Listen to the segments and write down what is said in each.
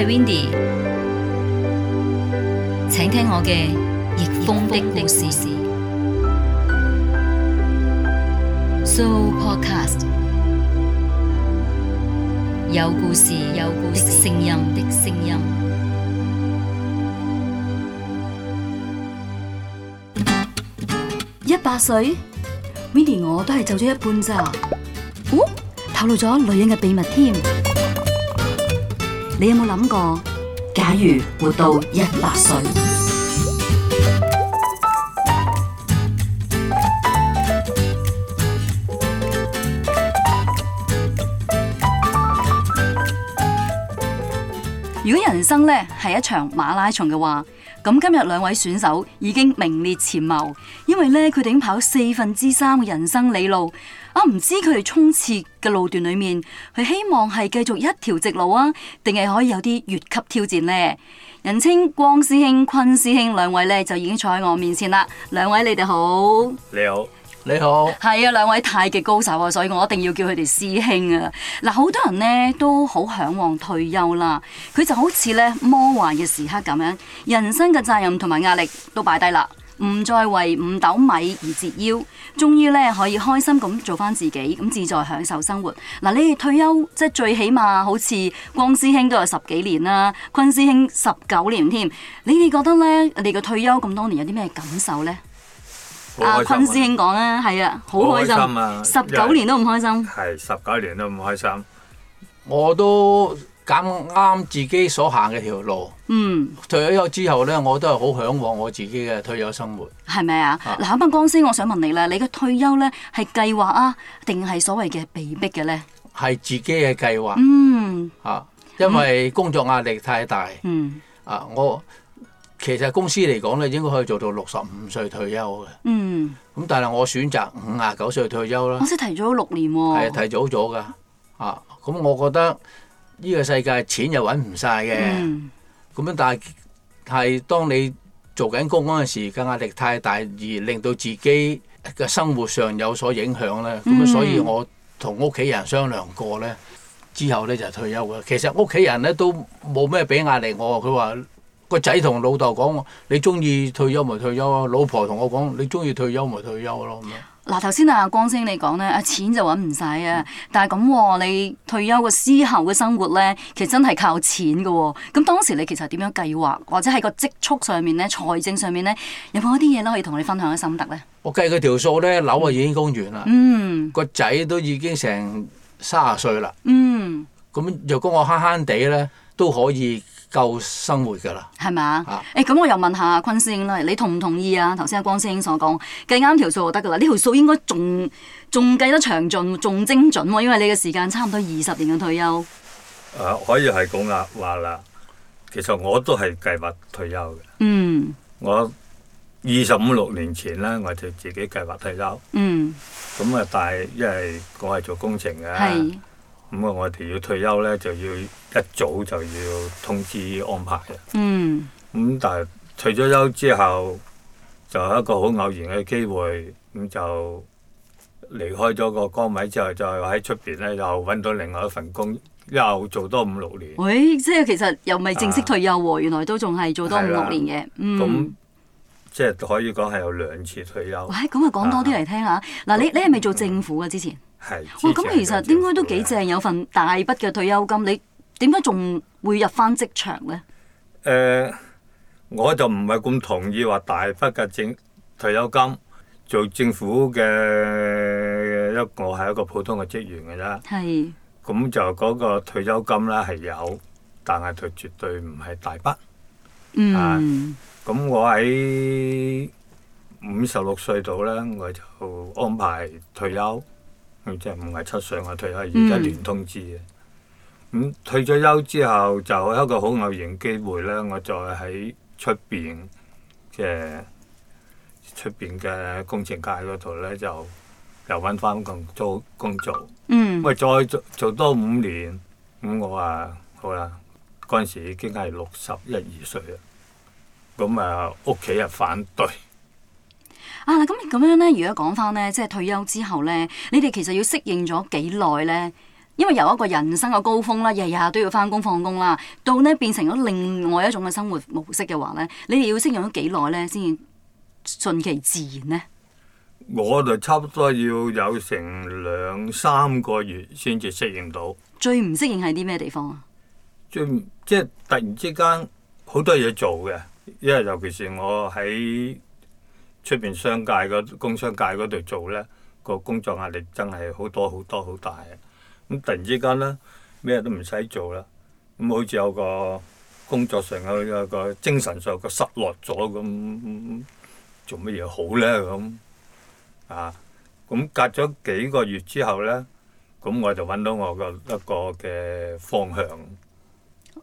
係 Windy，請聽我嘅逆風的故事。So podcast 有故事，有故事，有聲音的聲音。一百歲，Windy 我都係做咗一半咋？哦，透露咗女人嘅秘密添。你有冇諗過，假如活到一百歲？如果人生呢係一場馬拉松嘅話，咁今日兩位選手已經名列前茅，因為呢，佢哋已經跑四分之三嘅人生里路。我唔知佢哋衝刺嘅路段裏面，佢希望係繼續一條直路啊，定係可以有啲越級挑戰呢？人稱光師兄、坤師兄兩位呢，就已經坐喺我面前啦。兩位你哋好，你好，你好，係啊，兩位太極高手啊，所以我一定要叫佢哋師兄啊。嗱，好多人呢，都好向往退休啦，佢就好似呢魔幻嘅時刻咁樣，人生嘅責任同埋壓力都擺低啦。唔再為五斗米而折腰，終於咧可以開心咁做翻自己，咁自在享受生活。嗱，你哋退休即係最起碼好似光師兄都有十幾年啦，坤師兄十九年添。你哋覺得咧，你個退休咁多年有啲咩感受咧？阿坤師兄講啦，係啊，好開心啊，十九年都唔開心。係十九年都唔開心，我都。咁啱自己所行嘅條路。嗯。退咗休之後呢，我都係好嚮往我自己嘅退休生活。係咪啊？嗱，阿斌光司，我想問你啦，你嘅退休呢，係計劃啊，定係所謂嘅被逼嘅呢？係自己嘅計劃。計劃。嗯。啊，因為工作壓力太大。嗯。啊，我其實公司嚟講呢，應該可以做到六十五歲退休嘅。嗯。咁但係我選擇五十九歲退休啦。公司、嗯嗯、提早六年喎。係提早咗㗎。啊，咁、啊啊啊、我覺得。呢個世界錢又揾唔晒嘅，咁樣、嗯、但係係當你做緊工嗰陣時，個壓力太大而令到自己嘅生活上有所影響呢。咁、嗯、所以我同屋企人商量過呢，之後呢就退休啦。其實屋企人呢都冇咩俾壓力我，佢話個仔同老豆講，你中意退休咪退休咯，老婆同我講，你中意退休咪退休咯咁樣。嗱，頭先阿光兄你講咧，啊錢就揾唔曬啊，嗯、但係咁你退休個之後嘅生活咧，其實真係靠錢嘅喎、哦。咁當時你其實點樣計劃，或者喺個積蓄上面咧、財政上面咧，有冇一啲嘢咧可以同你分享嘅心得咧？我計佢條數咧，樓啊已經供完啦，嗯，個仔都已經成卅歲啦，嗯，咁若果我慳慳地咧，都可以。夠生活噶啦，係咪啊？誒，咁我又問下坤師兄啦，你同唔同意啊？頭先阿光師兄所講，計啱條數就得噶啦，呢條數應該仲仲計得詳盡，仲精準，因為你嘅時間差唔多二十年嘅退休。誒，可以係咁啊，話啦，其實我都係計劃退休嘅。嗯，我二十五六年前咧，我就自己計劃退休。嗯，咁啊，但係因為我係做工程嘅。係。咁啊，我哋要退休咧，就要一早就要通知安排啦。嗯。咁、嗯、但係退咗休之後，就係一個好偶然嘅機會，咁、嗯、就離開咗個崗位之後，就喺出邊咧又揾到另外一份工，又做多五六年。喂、哎，即係其實又未正式退休喎、啊，啊、原來都仲係做多五六年嘅。咁、啊嗯、即係可以講係有兩次退休。喂、哎，咁啊講多啲嚟聽下，嗱、啊，你你係咪做政府啊？之前？喂，咁、就是哦、其實應該都幾正，有份大筆嘅退休金，你點解仲會入翻職場呢？誒、呃，我就唔係咁同意話大筆嘅政退休金。做政府嘅一個，我係一個普通嘅職員嘅啦。係咁是就嗰個退休金咧係有，但係佢絕對唔係大筆。嗯，咁、啊、我喺五十六歲度咧，我就安排退休。即係五十七歲，我退休，而家連通知嘅。咁、嗯嗯、退咗休之後，就一個好偶然機會咧，我再喺出邊嘅出邊嘅工程界嗰度咧，就又揾翻個做工作。嗯，咁啊再做做多五年，咁我啊好啦，嗰陣時已經係六十一二歲啦。咁啊屋企又反對。啊！咁咁樣咧，如果講翻咧，即係退休之後咧，你哋其實要適應咗幾耐咧？因為由一個人生嘅高峰啦，日日都要翻工放工啦，到咧變成咗另外一種嘅生活模式嘅話咧，你哋要適應咗幾耐咧先至順其自然咧？我就差唔多要有成兩三個月先至適應到。最唔適應係啲咩地方啊？最即係突然之間好多嘢做嘅，因為尤其是我喺。出邊商界個工商界嗰度做呢，個工作壓力真係好多好多好大。咁突然之間呢，咩都唔使做啦。咁好似有個工作上啊，有個精神上個失落咗咁，做乜嘢好呢？咁啊，咁隔咗幾個月之後呢，咁我就揾到我個一個嘅方向。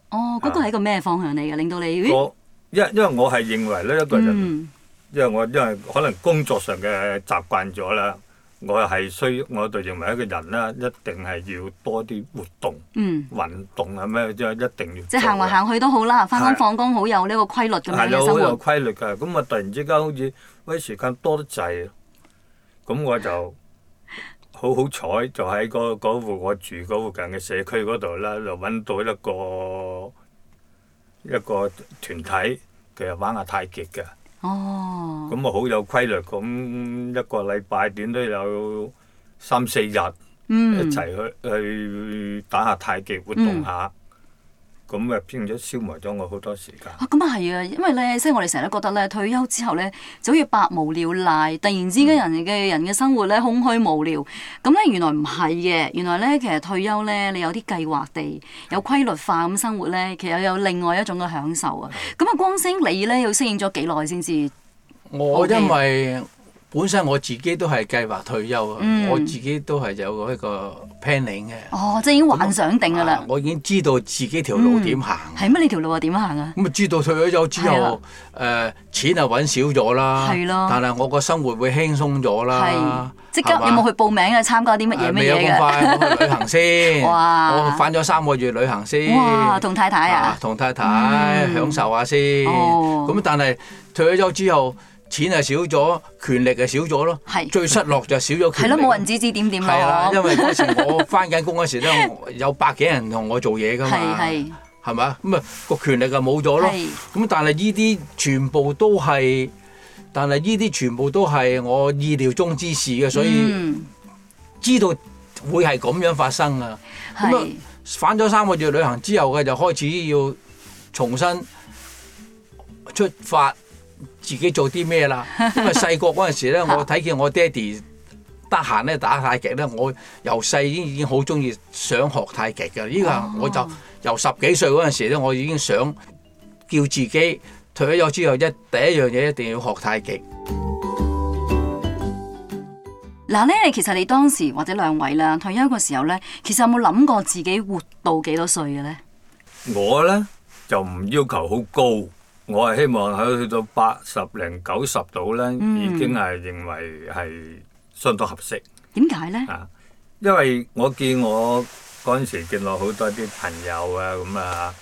哦，嗰個係一個咩方向嚟嘅？令到你個，因因為我係認為呢，一個人。因為我因為可能工作上嘅習慣咗啦，我係需要我就認為一個人啦，一定係要多啲活動、嗯、運動係咪？就一定要即、嗯即係、行嚟行去都好啦，翻工放工好有呢個規律嘅生活。係有好有規律㗎，咁啊突然之間好似嗰啲時間多得滯，咁、嗯、我就好好彩，就、那、喺個嗰個我住嗰附、那個、近嘅社區嗰度啦，就揾到一個一個團體，其實玩下太極嘅。哦，咁啊好有規律，咁一個禮拜點都有三四日一齊去去打下太極，活動下。嗯嗯咁啊，變咗消磨咗我好多時間。啊，咁啊係啊，因為咧，即係我哋成日覺得咧，退休之後咧，就好似百無聊賴，突然之間人嘅、嗯、人嘅生活咧，空虛無聊。咁、嗯、咧，原來唔係嘅，原來咧，其實退休咧，你有啲計劃地，有規律化咁生活咧，其實有另外一種嘅享受啊。咁啊的，光星你咧，要適應咗幾耐先至？我因為。本身我自己都係計劃退休，我自己都係有一個 planning 嘅。哦，即係已經幻想定㗎啦。我已經知道自己條路點行。係咩？你條路係點行啊？咁啊，知道退咗休之後，誒錢啊揾少咗啦，但係我個生活會輕鬆咗啦。即刻有冇去報名啊？參加啲乜嘢乜嘢㗎？未有咁快，去旅行先。哇！我翻咗三個月旅行先。哇！同太太啊。同太太享受下先。咁但係退咗休之後。錢係少咗，權力係少咗咯，是最失落就少咗權力。係咯，冇人指指點點。係啊，因為嗰時我返緊工嗰時咧， 都有百幾人同我做嘢噶嘛。係係是，咪咁啊，個權力就冇咗咯。咁是、嗯、但係呢啲全部都係，但係呢啲全部都係我意料中之事嘅，所以知道會係咁樣發生啊。咁啊、嗯，返咗三個月旅行之後佢就開始要重新出發。自己做啲咩啦？ 因為細個嗰陣時咧， 我睇見我爹哋得閒咧打太極咧，我由細已經已經好中意，想學太極㗎。呢個我就、oh. 由十幾歲嗰陣時咧，我已經想叫自己退休咗之後，一第一樣嘢一定要學太極。嗱呢其實你當時或者兩位啦，退休嗰時候呢，其實有冇諗過自己活到幾多歲嘅呢？我呢，就唔要求好高。我係希望喺去到八十零九十度呢，嗯、已經係認為係相當合適。點解呢、啊？因為我見我嗰陣時見落好多啲朋友啊，咁啊，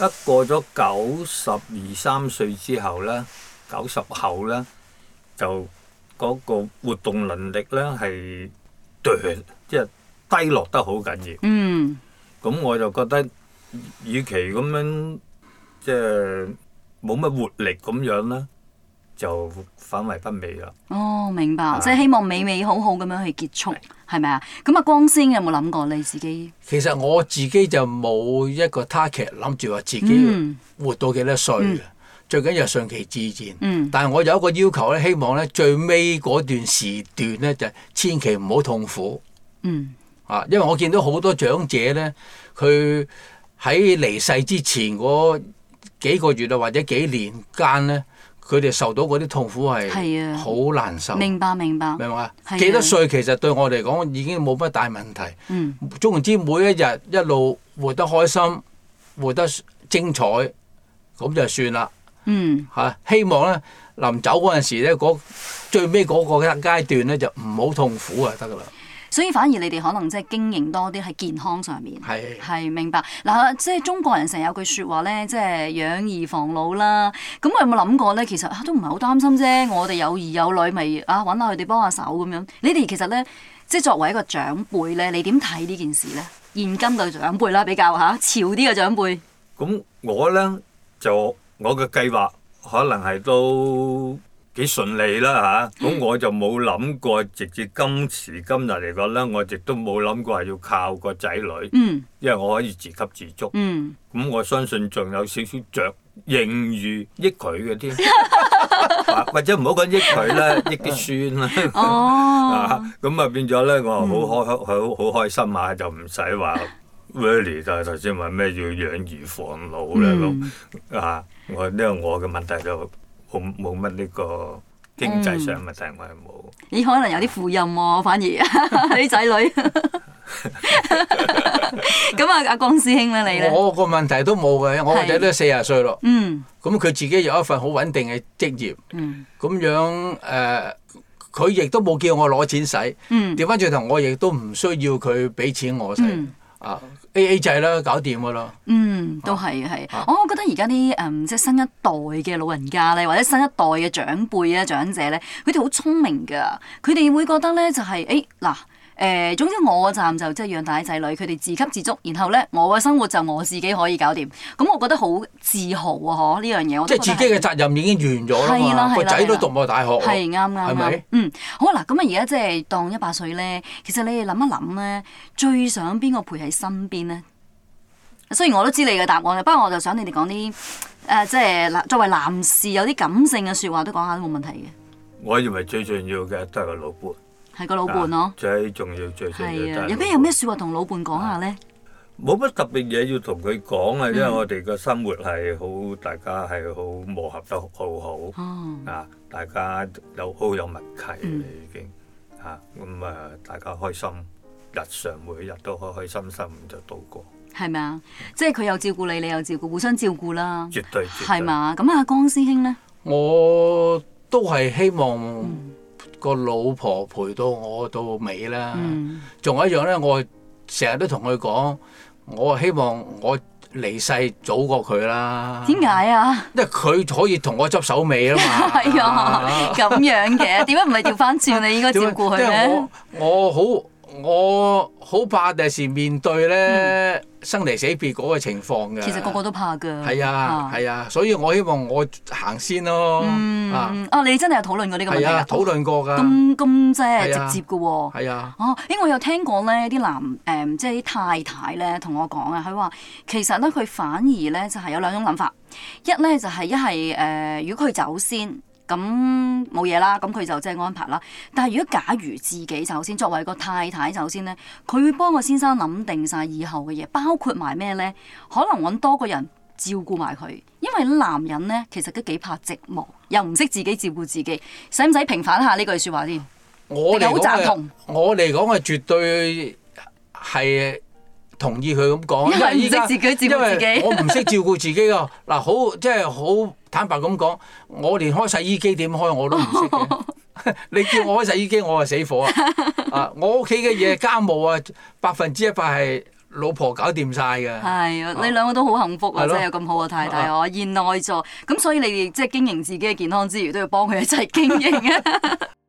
一過咗九十二三歲之後呢，九十後呢，就嗰個活動能力呢係即係低落得好緊要。嗯。咁我就覺得，與其咁樣，即係。冇乜活力咁樣啦，就反為不美啦。哦，明白，啊、即係希望美美好好咁樣去結束，係咪啊？咁啊，光先有冇諗過你自己？其實我自己就冇一個 target，諗住話自己活到幾多歲、嗯、最緊要係順其自然。嗯。但係我有一個要求咧，希望咧最尾嗰段時段咧，就千祈唔好痛苦。嗯。啊，因為我見到好多長者咧，佢喺離世之前幾個月啊，或者幾年間呢，佢哋受到嗰啲痛苦係好難受。明白的明白。明白，明白的幾多歲其實對我嚟講已經冇乜大問題。嗯的。總言之，每一日一路活得開心，活得精彩，咁就算啦。嗯的。嚇！希望呢，臨走嗰陣時呢，最尾嗰個階段呢，就唔好痛苦啊，得噶啦。所以反而你哋可能即係經營多啲喺健康上面，係係是明白嗱，即、啊、係、就是、中國人成日有句説話咧，即、就、係、是、養兒防老啦。咁我有冇諗過咧？其實、啊、都唔係好擔心啫。我哋有兒有女，咪啊揾下佢哋幫下手咁樣。你哋其實咧，即係作為一個長輩咧，你點睇呢件事咧？現今嘅長輩啦，比較吓潮啲嘅長輩。咁我咧就我嘅計劃可能係都。幾順利啦嚇，咁、啊、我就冇諗過，直至今時今日嚟講咧，我亦都冇諗過係要靠個仔女，嗯、因為我可以自給自足。咁、嗯嗯、我相信仲有少少著盈餘益佢嘅添， 或者唔好講益佢啦，益啲孫啦。算哦、啊，咁啊變咗呢，我好開好好開心啊，就唔使話 w a l l e y 就頭先話咩要養兒防老呢？咁、嗯、啊，因我因我嘅問題就。冇冇乜呢個經濟上問題，嗯、我係冇。你可能有啲負擔喎、啊， 反而啲仔 你子女。 咁 啊，阿江師兄咧，你咧？我個問題都冇嘅，是我個仔都四十歲咯。嗯。咁佢、嗯、自己有一份好穩定嘅職業。咁、嗯、樣誒，佢亦都冇叫我攞錢使、嗯嗯。嗯。調翻轉頭，我亦都唔需要佢俾錢我使。啊。AA 制啦，搞掂噶啦。嗯，都係係、啊。我覺得而家啲誒，即係新一代嘅老人家咧，或者新一代嘅長輩呀、長者咧，佢哋好聰明噶。佢哋會覺得咧，就係誒嗱。欸誒、呃，總之我站就即係養大仔女，佢哋自給自足，然後咧，我嘅生活就我自己可以搞掂，咁、嗯、我覺得好自豪啊！嗬，呢樣嘢我即係自己嘅責任已經完咗啦嘛，個仔都讀埋大學，係啱啱啱，嗯，好嗱，咁啊而家即係當一百歲咧，其實你哋諗一諗咧，最想邊個陪喺身邊咧？雖然我都知你嘅答案，不過我就想你哋講啲誒、呃，即係作為男士有啲感性嘅說話都講下都冇問題嘅。我認為最重要嘅都係個老婆個老伴咯、哦啊，最重要，最，最重要。有邊有咩說話同老伴講下咧？冇乜、啊啊、特別嘢，要同佢講啊，因為我哋個生活係好，大家係好磨合得好好。嗯、啊，大家有好有，有默契，你已經吓咁啊、嗯啊嗯，大家開心，日常每日都開開心心就度過，係咪啊？嗯、即係佢又照顧你，你又照顧，互相照顧啦絕，絕對係嘛。咁阿江師兄咧，我都係希望、嗯。嗯個老婆陪到我到尾啦，仲、嗯、有一樣咧，我成日都同佢講，我希望我離世早過佢啦。點解 嗎啊？因 為佢可以同我執手尾啊嘛。係啊，咁樣嘅，點解唔係調翻轉你應該照顧佢咧？我好。 我好怕第時面對咧、嗯、生離死別嗰個情況嘅。其實個個都怕㗎。係啊，係啊，啊，所以我希望我行先咯。嗯、啊，你真係有討論過呢個問題，啊？討論過㗎。咁咁即係直接嘅喎、哦。係啊。哦、啊啊，因為我有聽過咧，啲男誒、呃、即係啲太太咧同我講啊，佢話其實咧佢反而咧就係、是、有兩種諗法，一咧就係、是、一係誒、呃，如果佢走先。咁冇嘢啦，咁佢就即係安排啦。但係如果假如自己首先作為一個太太首先呢，佢會幫個先生諗定晒以後嘅嘢，包括埋咩呢？可能揾多個人照顧埋佢，因為男人呢，其實都幾怕寂寞，又唔識自己照顧自己，使唔使平反下呢句説話先？我哋好讚同。我嚟講係絕對係。同意佢咁講，因為依家因為我唔識照顧自己㗎，嗱，好即係好坦白咁講，我連開洗衣機點開我都唔識嘅。 你叫我開洗衣機，我係死火啊！ 啊，我屋企嘅嘢家務啊，百分之一百係老婆搞掂晒㗎。係啊， 你兩個都好幸福啊，的真係有咁好嘅太太哦，賢的、啊、內助。咁所以你哋即係經營自己嘅健康之餘，都要幫佢一齊經營啊。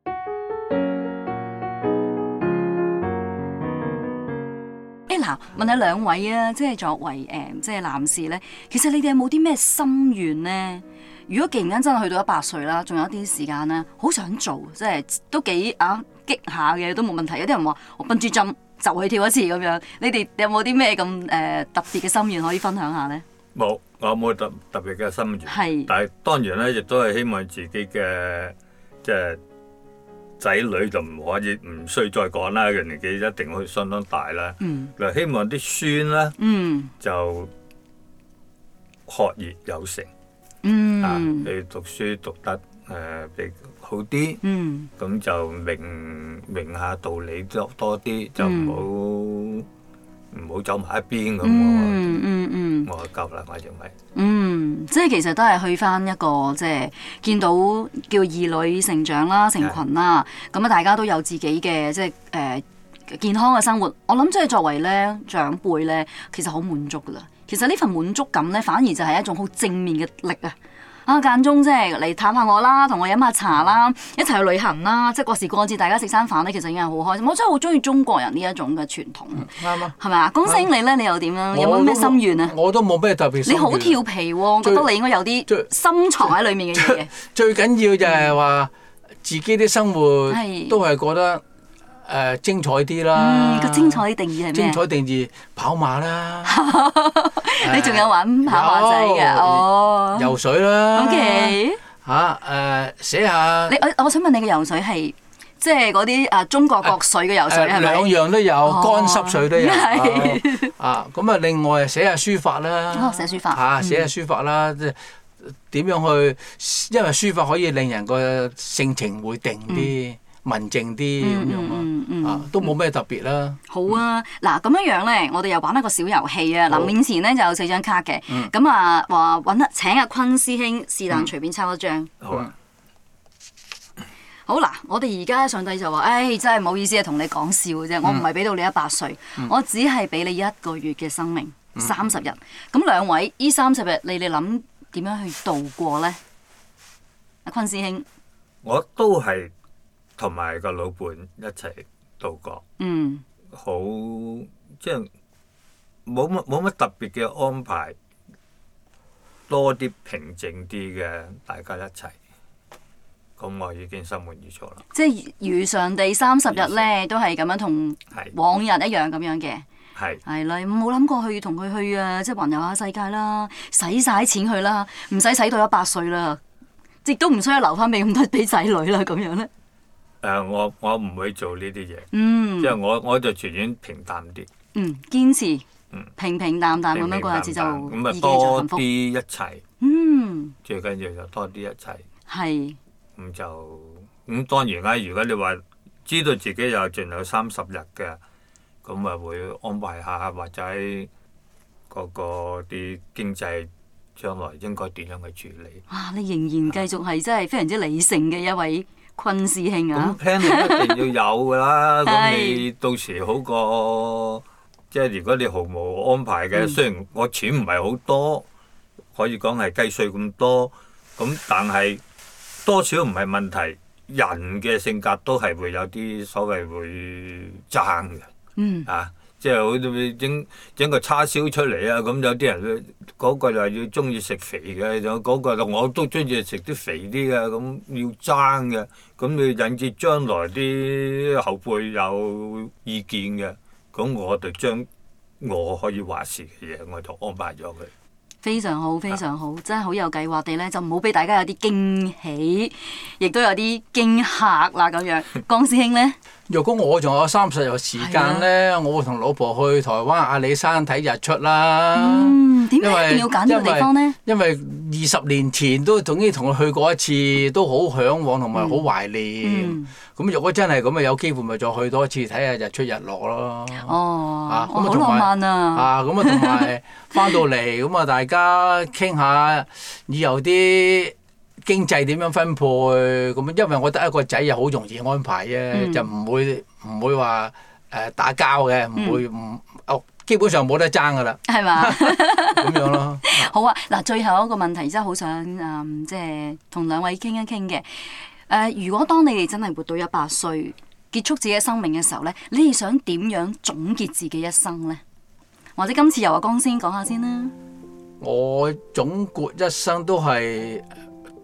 嗱，問下兩位啊，即係作為誒，即係男士咧，其實你哋有冇啲咩心願咧？如果突然間真係去到一百歲啦，仲有一啲時間咧，好想做，即係都幾啊激下嘅，都冇問題。有啲人話我笨豬跳就去跳一次咁樣，你哋有冇啲咩咁誒特別嘅心願可以分享下咧？冇，我有冇特特別嘅心願？係是，但係當然咧，亦都係希望自己嘅即係。就是仔女就唔可以，唔需再講啦。佢年紀一定會相當大啦。嗱、嗯，希望啲孫咧、嗯、就學業有成，啊、嗯，你讀書讀得誒、呃，好啲，咁、嗯、就明明下道理多多啲，就唔好。嗯唔好走埋一邊咁，嗯嗯嗯，我夠啦，我認為。嗯，嗯嗯，即係其實都係去翻一個即係見到叫兒女成長啦、成群啦，咁啊是的 大家都有自己嘅即係誒、呃、健康嘅生活。我諗即係作為咧長輩咧，其實好滿足噶啦。其實呢份滿足感咧，反而就係一種好正面嘅力啊！啊，間中即係嚟探下我啦，同我飲下茶啦，一齊去旅行啦，即係過時過節大家食餐飯咧，其實已經係好開心。我真係好中意中國人呢一種嘅傳統。啱啊，嗯，係咪啊？恭星你咧，你又點樣，啊？我有冇咩心願，啊？啊？我都冇咩特別。你好調皮喎，啊，最覺得你應該有啲心藏喺裡面嘅嘢。最緊要就係話自己啲生活都係覺得，嗯。誒精彩啲啦！個精彩嘅定義係咩？精彩定義跑馬啦！你仲有玩跑馬仔嘅？哦，游水啦！嚇誒寫下你，我想問你嘅游水係即係嗰啲啊中國國粹嘅游水，係咪兩樣都有乾濕水，都有啊！咁啊，另外寫下書法啦，寫書法嚇，寫下書法啦，即係點樣去？因為書法可以令人個性情會定啲。文靜啲咁樣咯，都冇咩特別啦。好啊，嗱咁樣樣咧，我哋又玩一個小遊戲啊！嗱，面前咧就有四張卡嘅，咁啊話揾請阿坤師兄是但隨便抽一張。好啊。好嗱，我哋而家上帝就話，誒真係唔好意思啊，同你講笑嘅啫。我唔係俾到你一百歲，我只係俾你一個月嘅生命，三十日。咁兩位依三十日，你哋諗點樣去度過咧？阿坤師兄，我都係。.同埋個老伴一齊度過，嗯、好即係冇乜冇乜特別嘅安排，多啲平靜啲嘅，大家一齊，咁我已經心滿意足啦。即係如常地三十日咧，都係咁樣同往日一樣咁樣嘅，係係啦，冇諗的過去同佢去啊，即係環遊下世界啦，使晒錢去啦，唔使使到一百歲啦，亦都唔需要留翻俾咁多俾仔女啦，咁樣咧。誒、呃，我我唔會做呢啲嘢，嗯、即係我我就完全平淡啲。嗯，堅持。平平淡淡咁樣過日子就。咁啊，多啲一齊。嗯。最緊要多一一是就多啲一齊。係。咁就咁當然啦、啊。如果你話知道自己有剩有三十日嘅，咁啊會安排下或者嗰個啲經濟將來應該點樣去處理。哇！你仍然繼續係真係非常之理性嘅一位。昆師兄啊！咁 plan 一定要有噶啦，咁 你到時好過，即係如果你毫無安排嘅，嗯、雖然我錢唔係好多，可以講係雞碎咁多，咁但係多少唔係問題。人嘅性格都係會有啲所謂會爭嘅，嗯、啊。即係好似整整個叉燒出嚟啊！咁有啲人咧，嗰、那個係要中意食肥嘅，仲、那、嗰個我都中意食啲肥啲嘅，咁要爭嘅。咁你引致將來啲後輩有意見嘅，咁我哋將我可以話事嘅嘢，我就安排咗佢。非常好，非常好，啊、真係好有計劃地咧，就唔好俾大家有啲驚喜，亦都有啲驚嚇啦咁樣。江師兄咧？ 若果我仲有三十日時間呢，啊、我會同老婆去台灣阿里山睇日出啦。嗯，點解一定要揀呢個地方咧？因為二十年前都總之同佢去過一次，都好向往同埋好懷念。咁若、嗯嗯、果真係咁啊，有機會咪再去多一次睇下日出日落咯。哦，好浪漫啊！啊，咁啊，同埋翻到嚟咁啊，大家傾下，以後有啲。經濟點樣分配咁？因為我得一個仔，又好容易安排啫，嗯、就唔會唔會話誒打交嘅，唔、嗯、會唔哦，基本上冇得爭噶啦，係嘛咁樣咯。 好啊，嗱，最後一個問題真係好想誒，即係同兩位傾一傾嘅誒。如果當你哋真係活到一百歲，結束自己嘅生命嘅時候咧，你哋想點樣總結自己一生咧？或者今次由阿江先講下先啦。我總括一生都係。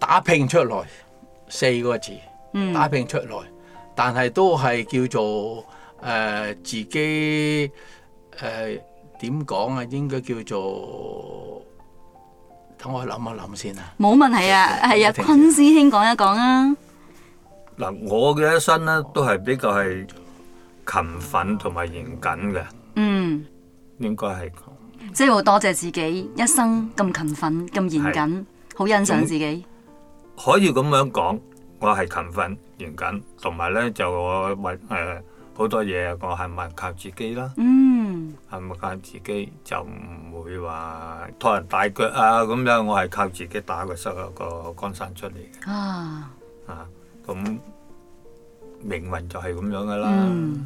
打拼出來四個字，um, 打拼出來，但係都係叫做誒、呃、自己誒點講啊？應該叫做，等我諗一諗先啊！冇問題啊，係啊，坤師兄講一講啊。嗱，我嘅一生咧都係比較係勤奮同埋嚴謹嘅。嗯，應該係。即係好多謝自己一生咁勤奮咁嚴謹，好是欣賞自己。可以咁樣講，我係勤奮、嚴謹，同埋呢，就我運誒好多嘢，我係咪靠自己啦？嗯，係咪靠自己就唔會話拖人大腳啊咁樣，我係靠自己打個,個出個江山出嚟嘅，咁命運就係咁樣噶啦，唔、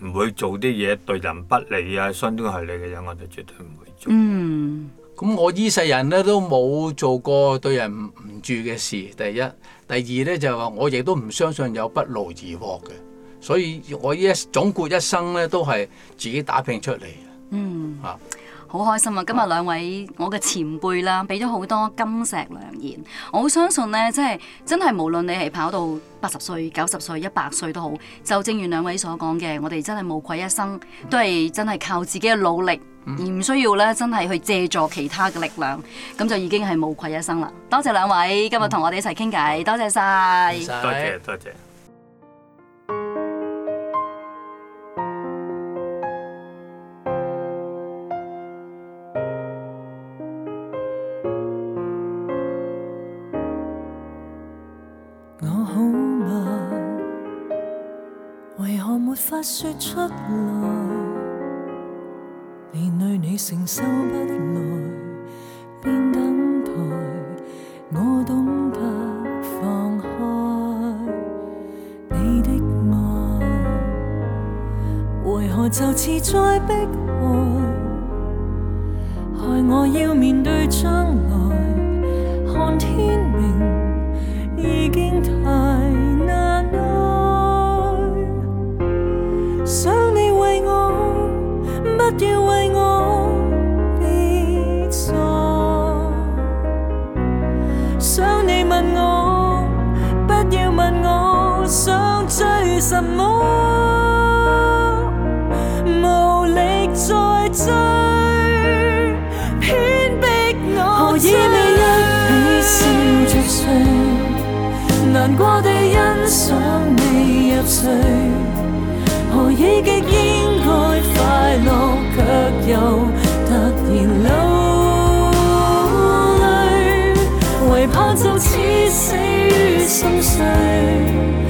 嗯、會做啲嘢對人不利啊、傷天害理嘅嘢，我哋絕對唔會做。嗯咁我依世人咧都冇做過對人唔住嘅事，第一，第二咧就話、係，我亦都唔相信有不勞而獲嘅，所以我依一總括一生咧都係自己打拼出嚟。嗯，好、啊、開心啊！今日兩位、啊、我嘅前輩啦，俾咗好多金石良言。我相信呢，即係真係無論你係跑到八十歲、九十歲、一百歲都好，就正如兩位所講嘅，我哋真係無愧一生，嗯、都係真係靠自己嘅努力。而唔需要咧，真係去借助其他嘅力量，咁就已經係無愧一生啦。多謝兩位今日同我哋一齊傾偈，多謝晒不用！多謝多謝。我好嗎？為何沒法説出承受不來，便等待。我懂得放開你的愛，為何就似在迫害？害我要面對將來，看天明已經太。什麼無力再追，偏逼我追。何以未一起笑著睡，難過地欣賞你入睡？何以極應該快樂，卻又突然流淚？為怕就此死於心碎。